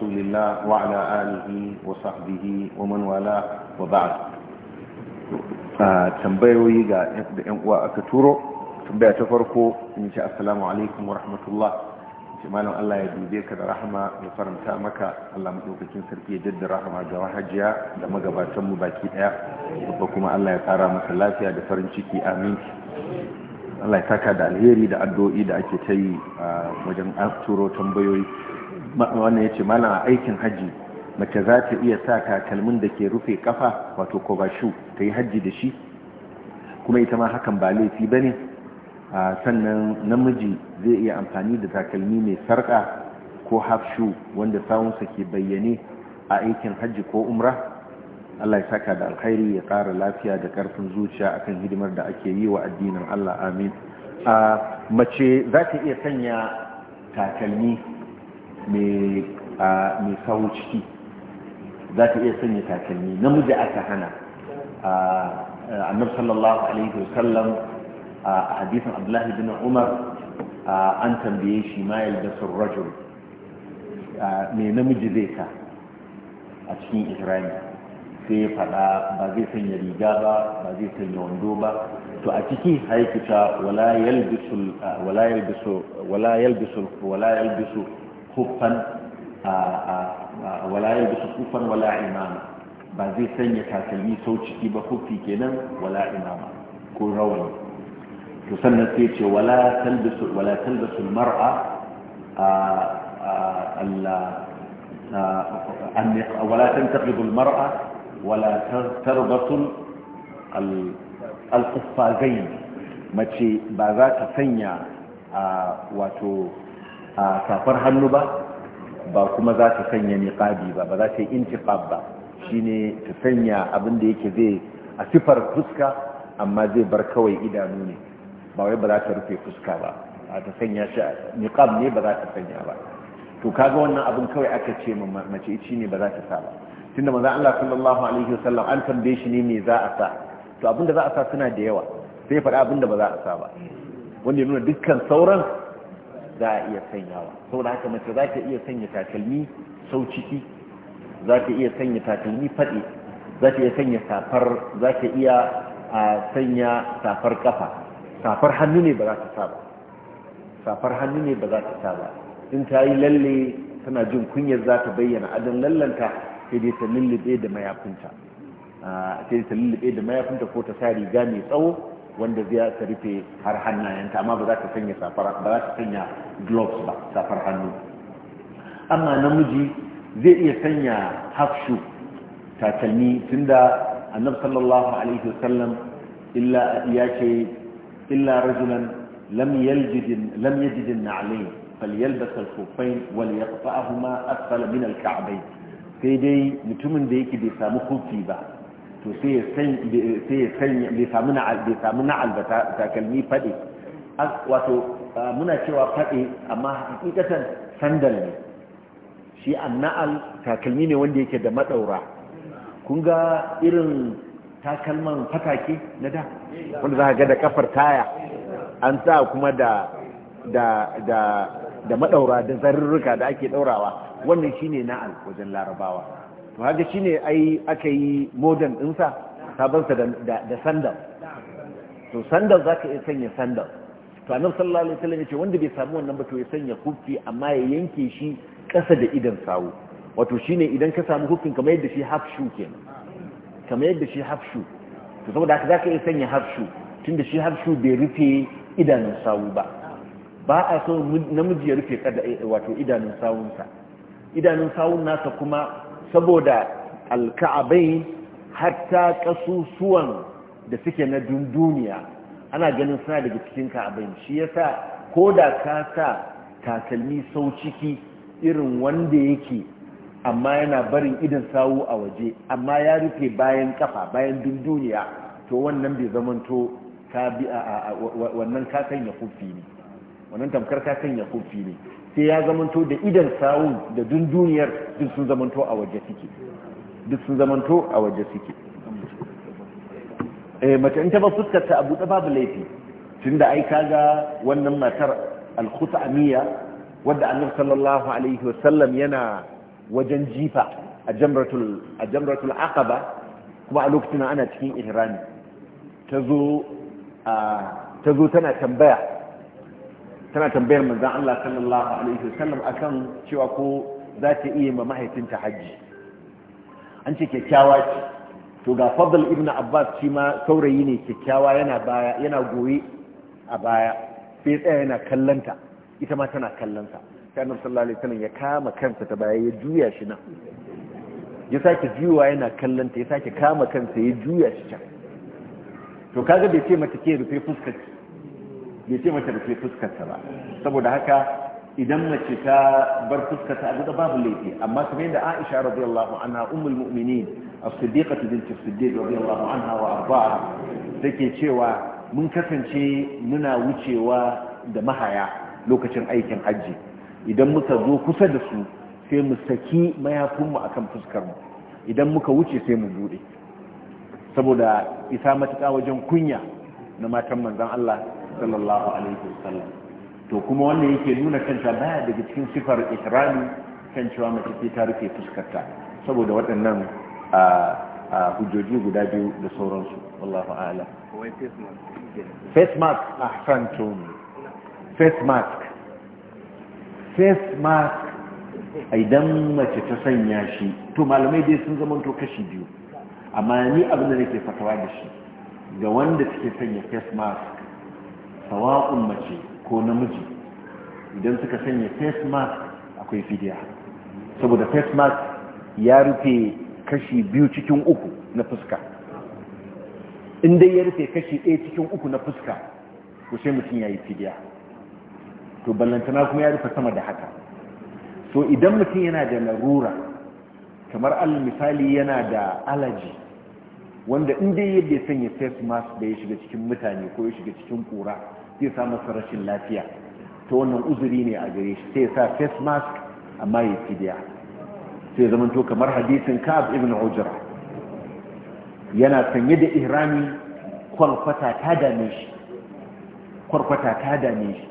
رسول الله وعلى آله وصحبه ومن والاه وبعد tambayoyi ga yan uwa aka turo tambaya ta farko in ce rahmatullah ce Allah ya dube ka da rahama ya faranta maka Allah madaukakin sarki ya jaddada ga wahajiya da magabatan mu baki kuma ya kara lafiya da farin ciki Allah ya saka da alheri da addu'o'i da ake ta yi wajen turo tambayoyi wannan ya ce malam aikin hajji mace za ta iya sa takalmin da ke rufe kafa wato kobashu ta yi hajji da shi kuma ita ma hakan ba laifi ba ne sannan namiji zai iya amfani da takalmi mai sarƙa ko hafshu wanda sawunsa ke bayyane a aikin hajji ko umra Allah ya saka da alkhairi ya kara lafiya da ƙarfin zuciya akan hidimar da ake yi wa addinin Allah amin mace za ta iya sanya takalmi mai kawo ciki za ta iya sanya takalmi namiji aka hana annabi sallallahu alaihi wasallam a hadisin abdullahi bin umar an tambaye shi ma yalda rajul me namiji zai ka a cikin ihrami sai ya faɗa ba zai sanya riga ba ba zai sanya wando ba to a ciki haikuta wala yalbisu wala yalbisu wala yalbisu خوفا آه، آه، آه، ولا يلبس خوفا ولا عماما بعضي ثانية تاكلمي صوت شكيبا خوفي كينا ولا عماما كل روان تسنى سيتش ولا تلبس ولا تلبس المرأة ان ولا تنتقض المرأة ولا تربط القفازين ماشي ثانية واتو a safar hannu ba ba kuma za ta sanya niqabi ba ba za ta yi intiqab ba shine ta sanya abin da yake zai a sifar fuska amma zai bar kawai idanu ne ba wai ba za ta rufe fuska ba a ta sanya shi niqab ne ba za ta sanya ba to kaga wannan abin kawai aka ce mace ici ne ba za ta sa ba tunda manzo Allah sallallahu alaihi wasallam an tambaye shi ne me za a sa to abin da za a sa suna da yawa sai faɗa abin da ba za a sa ba wanda ya nuna dukkan sauran za a iya sanyawa saboda haka mace za ta iya sanya takalmi sau ciki za ta iya sanya takalmi faɗi za ta iya sanya safar za ta iya a sanya safar kafa safar hannu ne ba za ta saba safar hannu ne ba za ta saba in ta yi lalle tana jin kunyar za ta bayyana adon lallanta sai dai ta lullube da mayafinta sai dai ta lullube da mayafinta ko ta sa riga mai tsawo wanda zai ta rufe har hannayenta amma ba za ta sanya safar ba za ta sanya gloves ba safar hannu amma namiji zai iya sanya half shoe takalmi tunda annab sallallahu alaihi wasallam illa ya ce illa rajulan lam yaljid lam yajid an falyalbas al-khuffayn walyaqta'huma asfala min al sai dai mutumin da yake bai samu kufi ba to sai ya samu takalmi fade wato muna cewa fade amma hakikatan sandal ne shi anna'al takalmi ne wanda yake da madaura kun ga irin takalman fatake na da wanda za ga da kafar taya an sa kuma da da da madaura da zarurruka da ake daurawa wannan shine na'al wajen larabawa to haka shi ne ai aka yi modern ɗinsa sa da sandal to sandal za ka iya sanya sandal to annabi sallallahu alaihi wasallam yace wanda bai samu wannan ba to ya sanya kufi amma ya yanke shi ƙasa da idan sawu wato shine idan ka samu hufin kamar yadda shi half shoe kenan kamar yadda shi half shoe to saboda haka zaka iya sanya half shoe tunda shi half shoe bai rufe idanun sawu ba ba a so namiji ya rufe kada wato idanun sawunsa idanun sawun nasa kuma saboda alka'abai hatta kasusuwan da suke na dunduniya ana ganin suna daga cikin ka'abai shi yasa ko da ka sa takalmi sau ciki irin wanda yake amma yana barin idan sawu a waje amma ya rufe bayan kafa bayan dunduniya to wannan bai zamanto ka bi wannan kakan ya kufi ne wannan tamkar ka sanya kufi ne sai ya zamanto da idan sa'un da duniyar duk sun zamanto a waje suke duk sun zamanto a waje suke eh mace in ta ba fuskar ta abu babu laifi tunda ai kaga wannan matar al-khutamiya wadda annabi sallallahu alaihi wasallam yana wajen jifa a jamratul a jamratul aqaba kuma a lokacin ana cikin ihrami tazo a ah, tazo tana tambaya tana tambayar manzon Allah sallallahu alaihi wasallam akan cewa ko za ta iya ma mahaifinta hajji an ce kyakkyawa ce to ga fadl ibn abbas shi ma saurayi ne kyakkyawa yana baya yana goye a baya sai tsaya yana kallanta ita ma tana kallanta sai annabi sallallahu alaihi wasallam ya kama kansa ta baya ya juya shi nan ya sake juyawa yana kallanta ya sake kama kansa ya juya shi can to kaga bai ce mata ke rufe fuskar ki bai ce mata ke fuskarta ba saboda haka idan mace ta bar fuskarta a gaba babu laifi amma kamar yadda Aisha radiyallahu anha ummul mu'minin as-siddiqatu bint as-siddiq radiyallahu anha wa ardaha take cewa mun kasance muna wucewa da mahaya lokacin aikin hajji idan muka zo kusa da su sai mu saki mayafinmu akan fuskar mu idan muka wuce sai mu bude saboda isa matuƙa wajen kunya na matan manzon Allah sallallahu alaihi wasallam to kuma wannan yake nuna kanta baya daga cikin sifar ikrami kan cewa mace ce ta rufe fuskarta saboda waɗannan a hujjoji guda biyu da sauransu wallahu a'lam face mask ahsan tuni face mask face mask idan mace ta sanya shi to malamai dai sun zama to kashi biyu amma ni abin da nake fatawa da shi ga wanda take sanya face mask sawa'un mace ko namiji idan suka sanya face mask akwai fidiya saboda face mask ya rufe kashi biyu cikin uku na fuska in ya rufe kashi ɗaya cikin uku na fuska ko sai mutum ya yi fidiya to ballantana kuma ya rufe sama da haka so idan mutum yana da larura kamar allah misali yana da alaji wanda in dai yadda ya sanya face mask da ya shiga cikin mutane ko ya shiga cikin kura zai sa masa rashin lafiya ta wannan uzuri ne a gare shi sai sa face mask amma ya fidiya sai zamanto kamar hadisin kaf ibn ujra yana sanye da ihrami kwarkwata ta dame shi kwarkwata ta dame shi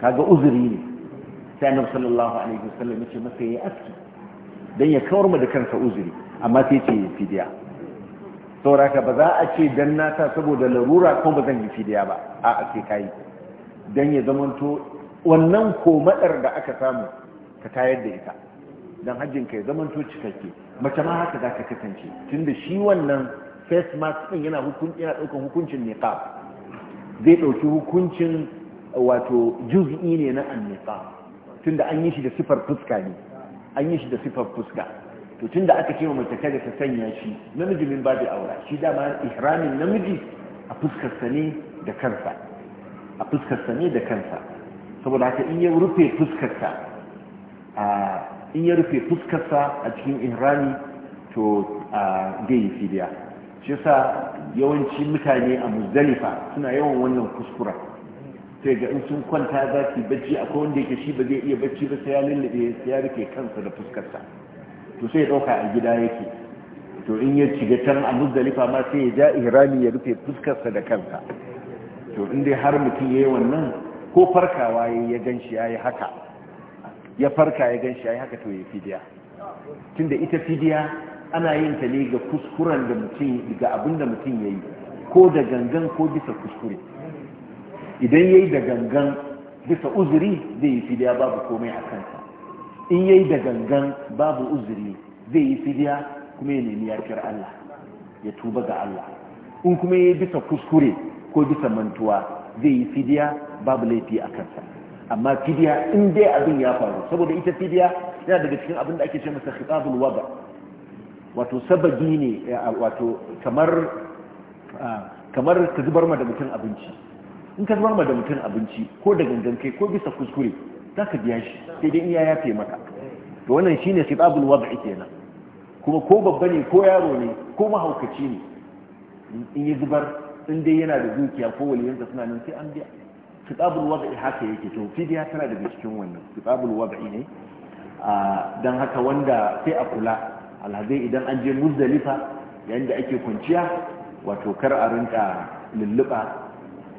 kaga uzuri ne sai annabi sallallahu alaihi wasallam ya ce masa yayi aski dan ya kawar mu da kansa uzuri amma sai ce fidiya sauraka ba za a ce dan nata saboda larura kuma ba zan yi fidiya ba a ake kayi don ya zamanto wannan komadar da aka samu ka tayar da ita don hajjin ka ya zamanto cikakke mace ma haka za ka kasance tun da shi wannan face mask din yana ɗaukan hukuncin niqab zai ɗauki hukuncin wato juz'i ne na anniqab tun da an yi shi da sifar fuska ne an yi shi da sifar fuska to tun da aka ce wa mace kada ta sanya shi namiji min babu aura shi dama ihramin namiji a fuskarsa ne da kansa a fuskarsa ne da kansa saboda haka in ya rufe fuskarsa a in ya rufe fuskarsa a cikin ihrami to a gayi fidiya shi yasa yawanci mutane a muzdalifa suna yawan wannan kuskura sai ga in sun kwanta za su bacci akwai wanda yake shi ba zai iya bacci ba sai ya lullube sai ya rufe kansa da fuskarsa to sai ya ɗauka a gida yake to in ya shiga can a muzdalifa ma sai ya ja ihrami ya rufe fuskarsa da kansa to in dai har mutum ya yi wannan ko farkawa ya gan shi ya haka ya farka ya gan shi ya haka to ya fidiya tunda ita fidiya ana yin ta ne ga kuskuren da mutum ga abin da mutum ya yi ko da gangan ko bisa kuskure idan ya yi da gangan bisa uzuri zai yi fidiya babu komai a kansa in yayi da gangan babu uzuri zai yi fidiya kuma ya nemi yafiyar Allah ya tuba ga Allah in kuma yayi bisa kuskure ko bisa mantuwa zai yi fidiya babu laifi a kansa amma fidiya in dai abin ya faru saboda ita fidiya yana daga cikin abin da ake ce masa khitabul wada wato sababi ne wato kamar kamar ka zubar ma da mutum abinci in ka zubar ma da mutum abinci ko da gangan kai ko bisa kuskure za ka biya shi sai dai iya yafe maka to wannan shine khitabul ake kenan kuma ko babba ne ko yaro ne ko mahaukaci ne in yi zubar in dai yana da dukiya ko waliyansa suna nan sai an biya khitabul wad'i haka yake to fidiya tana da cikin wannan khitabul wad'i ne don haka wanda sai a kula alhazai idan an je muzdalifa yayin ake kwanciya wato kar a rinka lulluɓa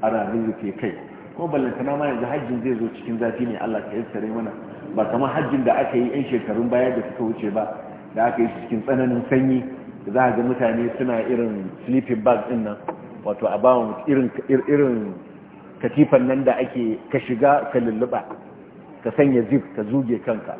a rarrufe kai ko ballantana ma yanzu hajjin zai zo cikin zafi ne Allah ka yassare mana ba kamar hajjin da aka yi yan shekarun baya da suka wuce ba da aka yi cikin tsananin sanyi da za a ga mutane suna irin sleeping bag din nan wato a bawa irin irin katifan nan da ake ka shiga ka lulluba ka sanya zip ka zuge kanka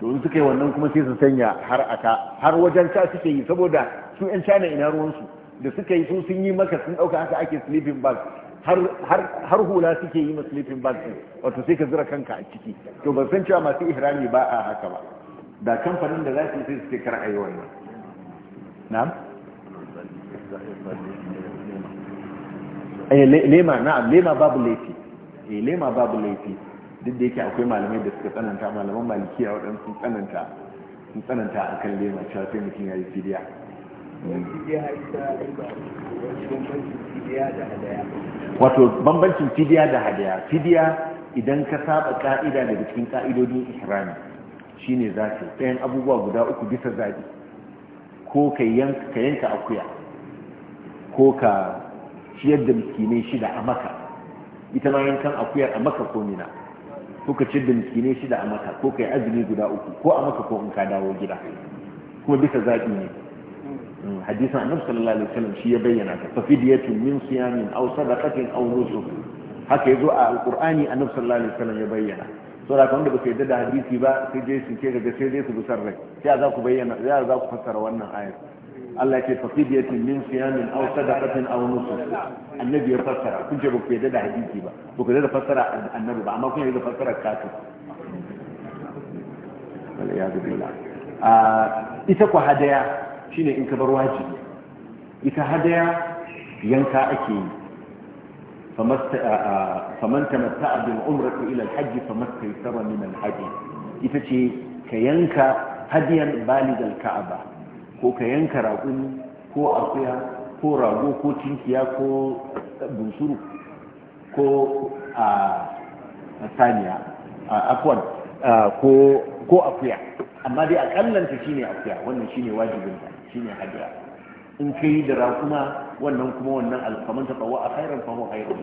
to in suka yi wannan kuma sai su sanya har aka har wajen ta suke yi saboda su yan cana ina ruwansu da suka yi sun yi maka sun ɗauka haka ake sleeping bag har hula suke yi masu sleeping bag ɗin wato sai ka zira kanka a ciki to ban san cewa masu ihrami ba a haka ba da kamfanin da za su sai su ce kar a yi wannan na'am eh, lema na lema babu laifi eh lema babu laifi duk da yake akwai malamai da suka tsananta malaman malikiya waɗansu tsananta sun tsananta kan lema cewa sai mutum ya yi fidiya wato bambancin fidiya da hadaya fidiya idan ka saba ka'ida da cikin ka'idodin ihrami shine zaki tsayin abubuwa guda uku bisa zaɓi ko ka yanka akuya ko ka ciyar da miskinai shida a maka ita ma yankan akuyar a maka ko mina ko ka ciyar da miskinai shida a maka ko ka yi azumi guda uku ko a maka ko in ka dawo gida kuma bisa zaɓi ne hadisin annabi sallallahu alaihi wasallam shi ya bayyana ta fafidiyatun min siyamin aw sadaqatin aw nusuk haka yazo a alqur'ani annabi sallallahu alaihi wasallam ya bayyana saboda kan da ba su yadda da hadisi ba sai dai su ce daga sai dai su busar rai sai za ku bayyana sai za ku fassara wannan ayar Allah ya ce fafidiyatun min siyamin aw sadaqatin aw nusuk annabi ya fassara kun ce ba ku yadda da hadisi ba ba ku yadda da fassara annabi ba amma kun yi da fassara kafin wal iyadu billah ah, ita ku hadaya shine in ka bar wajibi ita hadaya yanka ake yi faman tamatta ila min ita ce ka yanka hadiyan baligal ka'aba ko ka yanka raƙumi ko akuya ko rago ko tinkiya ko bunsuru ko a saniya ko akuya amma dai akallanta shine akuya wannan shine wajibinta ne hadiya in ka yi da rakuma wannan kuma wannan alfaman ta tsawo a khairan fa huwa khairun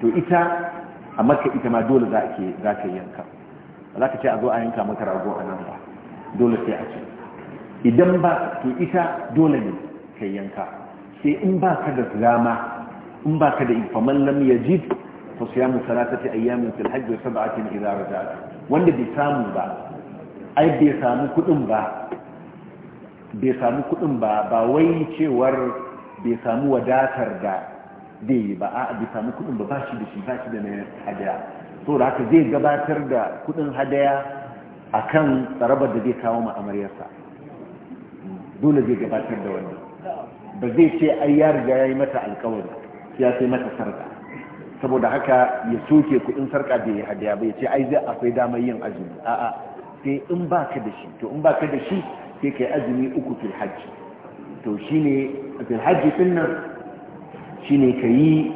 to ita a maka ita ma dole za a ke za ka yanka za ka ce a zo a yanka maka rago a nan ba dole sai a ce idan ba to ita dole ne ka yanka sai in ba ka da dama in ba ka da faman lam yajid fa siyamu salatati ayyamin fil hajj wa sab'atin idza raja'at wanda bai samu ba ai bai samu kuɗin ba bai samu kuɗin ba ba wai cewar bai samu wadatar da dai ba a bai samu kuɗin ba ba da shi ba da na hadaya so da haka zai gabatar da kuɗin hadaya a kan tsarabar da zai kawo ma amaryarsa dole zai gabatar da wannan ba zai ce ai ya riga ya yi mata alkawari ya sai mata sarka saboda haka ya soke kuɗin sarka da ya hadaya ba ya ce ai zai akwai damar yin azumi a'a sai in baka da shi to in baka da shi sai kai azumi uku fil to shine fil hajji din nan shine kai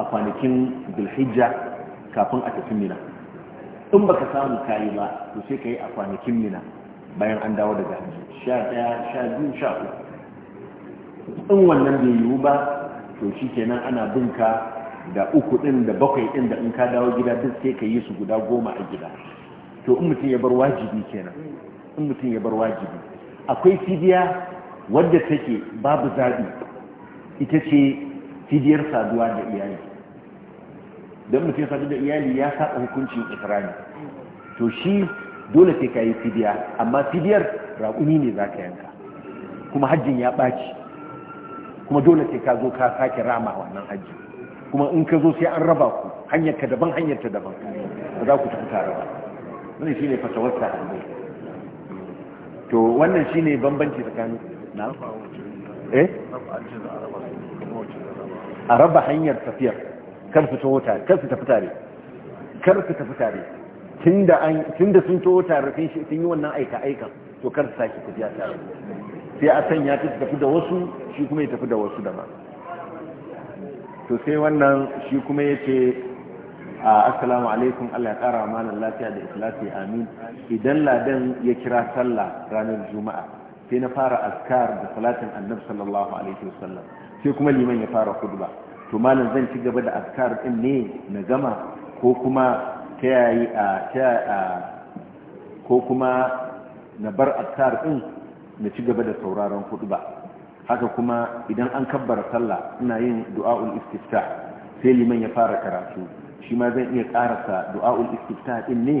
a kwanakin bilhijja kafin a tafi mina in baka samu kayi ba to sai kai a kwanakin mina bayan an dawo daga hajji sha ɗaya sha biyu sha uku in wannan bai yiwu ba to shi kenan ana binka da uku ɗin da bakwai ɗin da in ka dawo gida duk sai ka yi su guda goma a gida to in mutum ya bar wajibi kenan in mutum ya bar wajibi akwai fidiya wadda take babu zaɓi ita ce fidiyar saduwa da iyali don mutum ya da iyali ya saba hukuncin ikirani to shi dole sai ka yi fidiya amma fidiyar raƙumi ne za ka yanka kuma hajjin ya ɓaci kuma dole sai ka zo ka sake rama wannan hajji kuma in ka zo sai an raba ku hanyar ka daban hanyar ta daban ba za ku tafi tare ba shi shine fatawar hannu to wannan shi ne bambanci tsakanin na eh? a raba hanyar tafiyar kar su taho tare kar su tafi tare kar su tafi tare tunda an tunda sun taho tare rafin shi sun yi wannan aika aika to kar su saki tafiya tare sai a sanya ta tafi da wasu shi kuma ya tafi da wasu da ma to sai wannan shi kuma yace assalamu alaikum Allah ya kara malam lafiya da ikhlasi amin idan ladan ya kira sallah ranar juma'a sai na fara askar da salatin annabi sallallahu alaihi wasallam sai kuma liman ya fara khutba to malam zan ci gaba da askar din ne na gama ko kuma ta yayi a ta ko kuma na bar askar din na ci gaba da sauraron khutba haka kuma idan an kabbara sallah ina yin ul istiftah sai liman ya fara karatu shi ma zan iya karasa du'a'ul istifta din ne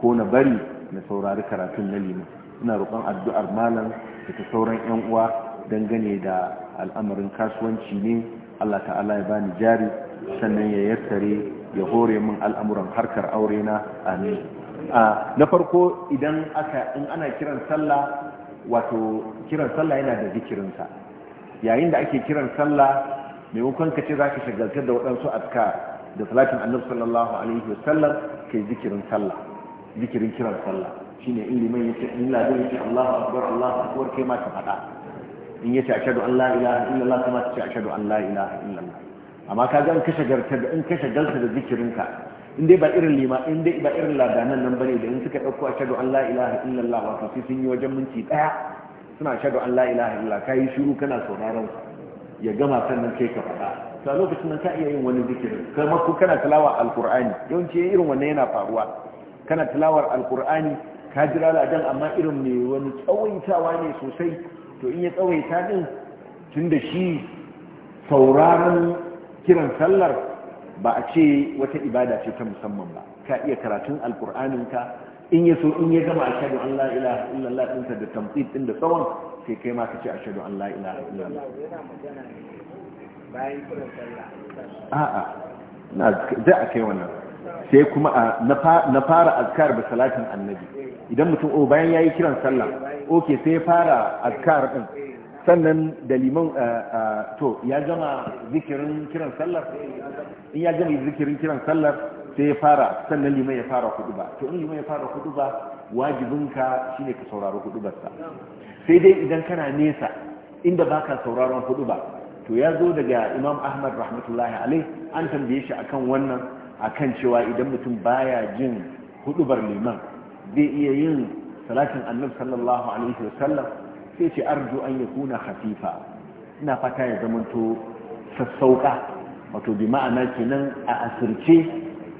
ko na bari na saurari karatun na liman ina roƙon addu'ar malam da ta sauran yan uwa dangane da al'amarin kasuwanci ne Allah ta'ala ya bani jari sannan ya yassare ya hore min al'amuran harkar aure na amin na farko idan aka in ana kiran sallah wato kiran sallah yana da zikirinsa yayin da ake kiran sallah maimakon ka ce za ka shagaltar da waɗansu askar da salatin annabi sallallahu alaihi wa wasallam kai zikirin sallah zikirin kiran sallah shine in liman yace in la zai yace Allahu akbar Allahu akbar kai ma ka faɗa in yace ashhadu an la ilaha illallah kuma ta ce ashhadu an la ilaha illallah amma ka ga in kashe garta da in kashe galta da zikirinka in dai ba irin lima in dai ba irin ladanan nan bane da in suka dauko ashhadu an la ilaha illallah wato sai sun yi wajen minti daya suna ashhadu an la ilaha illallah kai shiru kana sauraron ya gama sannan kai ka faɗa to a lokacin nan ka iya yin wani zikirin kamar ko kana tilawar alkur'ani yawanci irin wannan yana faruwa kana tilawar alkur'ani ka jira ladan amma irin mai wani tsawaitawa ne sosai to in ya tsawaita din tun da shi sauraron kiran sallar ba a ce wata ibada ce ta musamman ba ka iya karatun alkur'anin ka in ya so in ya gama ashadu an la ilaha illallah ɗinsa da tamtsit ɗin da tsawon sai kai ma ka ce ashadu an la illallah a'a za a kai wannan sai kuma na fara azkar da salatin annabi idan mutum o oh, bayan yayi kiran sallah oke sai ya fara azkar din sannan da liman eh, eh, to ya gama zikirin kiran sallar in ya gama zikirin kiran sallar sai ya fara sannan liman ya fara kuduba to in liman ya fara kuduba wajibinka shine ka saurari kudubarsa sai dai idan kana nesa inda baka sauraron kuduba to ya zo daga imam ahmad rahmatullahi alaih an tambaye shi akan wannan akan cewa idan mutum baya jin hudubar liman zai iya yin salatin annabi sallallahu alaihi wasallam sai ce arju an ya kuna khafifa ina fata ya zamanto sassauka wato bi ma'ana kenan a asirce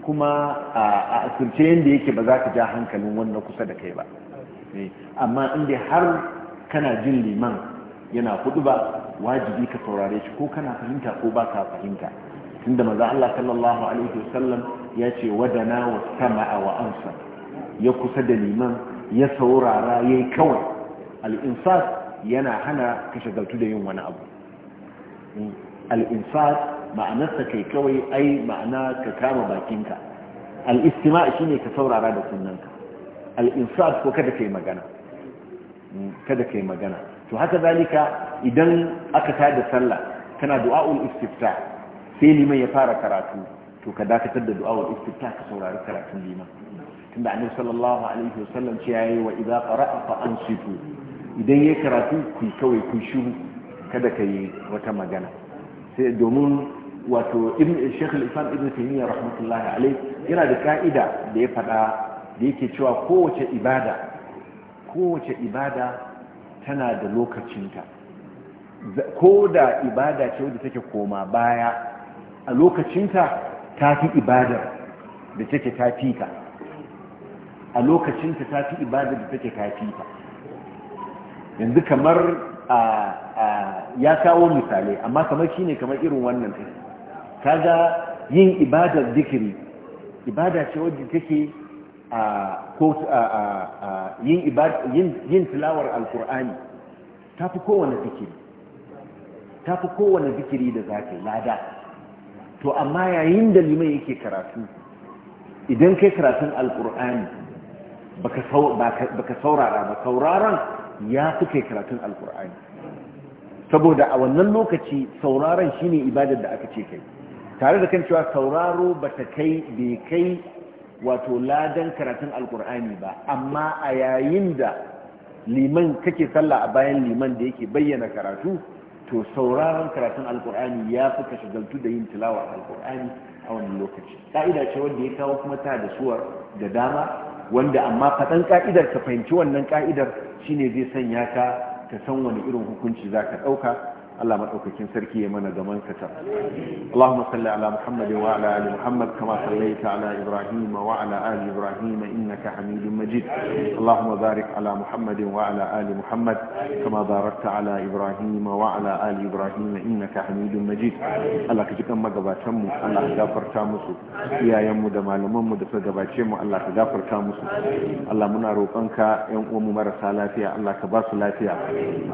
kuma a asirce yadda yake ba za ka ja hankalin wannan kusa da kai ba eh, amma inda har kana jin liman yana hudu ba wajibi ka saurare shi ko kana fahimta ko ba ka fahimta tunda maza Allah sallallahu alaihi wasallam ya ce wadana wa sama'a wa ansa ya kusa da liman ya saurara yi kawai al yana hana ka shagaltu da yin wani abu hmm. al ma'anarsa kai kawai ai ma'ana ka kama bakinka al shi shine ka saurara da sunnanka al ko kada yi magana hmm. kada yi magana to haka zalika idan aka tada sallah kana du'a'ul istifta sai liman ya fara karatu to ka dakatar da du'a'ul istifta ka saurari karatun liman tunda annabi sallallahu alaihi wasallam ce yayi wa idza qara'a fa ansitu idan yayi karatu ku kawai ku shiru kada ka yi wata magana sai domin wato ibn shaykh al-islam ibn taymiyyah rahmatullahi alaihi yana da ka'ida da ya faɗa da yake cewa kowace ibada kowace ibada tana da lokacinta ko da ibada ce wadda take koma baya a lokacinta ta fi ibadar da take ta fi ka a lokacinta ta fi ibadar da take ta fi ka yanzu kamar ya kawo misali. amma kamar ne kamar irin wannan Ta kaga yin ibadar zikiri ibada ce wadda take yin tilawar alkur'ani ta fi kowane zikiri ta fi kowane zikiri da za ka yi lada to amma yayin da liman yake karatu idan kai karatun alkur'ani baka saurara ba sauraron ya fi kai karatun alkur'ani saboda a wannan lokaci sauraron shine ibadar da aka ce kai tare da kan cewa sauraro bata kai bai kai wato ladan karatun alkur'ani ba amma a yayin da liman kake sallah a bayan liman da yake bayyana karatu to sauraron karatun alkur'ani ya fi ka shagaltu da yin tilawa alkur'ani a wani lokaci ka'ida ce wanda ya kawo kuma ta da suwar da dama wanda amma faɗan ka'idar ka fahimci wannan ka'idar shine zai sanya ka ta san wani irin hukunci za ka ɗauka Allah maɗaukakin sarki ya mana gaman ta. Allahumma salli ala Muhammad wa ala ali Muhammad kama sallaita ala Ibrahim wa ala ali Ibrahim innaka Hamidum Majid Allahumma barik ala Muhammad wa ala ali Muhammad kama barakta ala Ibrahim wa ala ali Ibrahim innaka Hamidum Majid Allah ka jikan magabatan mu Allah ka gafarta musu iyayen mu da malaman mu da suka gabace mu Allah ka gafarta musu Allah muna roƙonka ƴan uwan mu marasa lafiya Allah ka ba su lafiya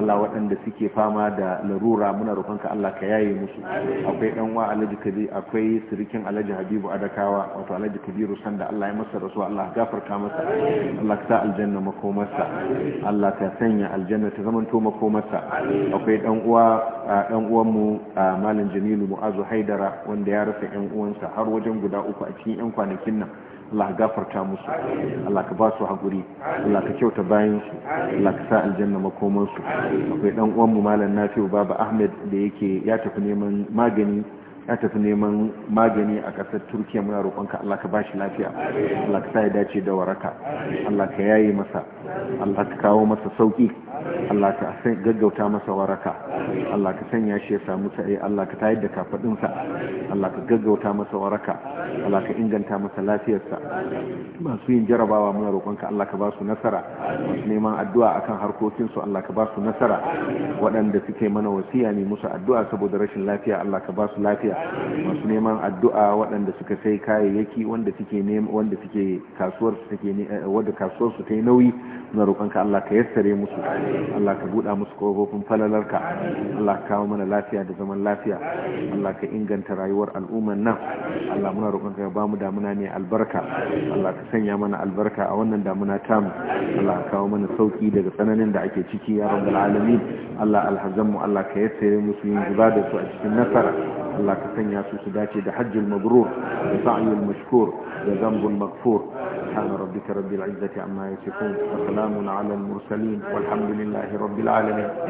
Allah waɗanda suke fama da laru tura muna roƙonka Allah ka yaye musu akwai ɗan wa Alhaji kabi akwai sirikin Alhaji Habibu Adakawa wato Alhaji Kabiru sanda Allah ya masa rasu Allah gafarta masa Allah ka sa aljanna makomarsa Allah ka sanya aljanna ta zamanto makomarsa akwai ɗan uwa ɗan uwan mu Malam Jamilu Mu'azu Haidara wanda ya rasa yan uwansa har wajen guda uku a cikin yan kwanakin nan Allah ka gafarta musu Allah ka ba su haƙuri Allah ka kyauta bayan su Allah ka sa aljanna makoman su akwai dan uwan mu malam Nafi'u Baba Ahmed da yake ya tafi neman magani ya tafi neman magani a ƙasar turkiya muna ka, Allah ka ba shi lafiya Allah ka sa ya dace da waraka Allah ka yaye masa Allah ka kawo masa sauki. Allah ka gaggauta masa waraka Allah ka sanya shi ya samu sa'i Allah ka tayar da kafadinsa Allah ka gaggauta masa waraka Allah ka inganta masa lafiyarsa masu yin jarabawa muna roƙonka Allah ka ba su nasara masu neman addu'a akan harkokinsu Allah ka ba su nasara waɗanda suke mana wasiya ne musu addu'a saboda rashin lafiya Allah ka ba su lafiya masu neman addu'a waɗanda suka sai kayayyaki wanda suke wanda suke kasuwar su take eh, wanda kasuwar su ta yi nauyi na roƙonka Allah ka yassare musu Allah ka buɗa musu kofofin falalarka Allah ka kawo mana lafiya da zaman lafiya Allah ka inganta rayuwar al'ummar nan Allah muna roƙonka ka ba mu damuna ne albarka Allah ka sanya mana albarka a wannan damuna tamu Allah ka kawo mana sauki daga tsananin da ake ciki ya rabbal alamin Allah alhazanmu Allah ka yassare musu yin zuba da su a cikin nasara الله كسنيا سوسداتي ده حج المبرور وسعي المشكور ده المغفور سبحان ربك رب العزة عما يصفون وسلام على المرسلين والحمد لله رب العالمين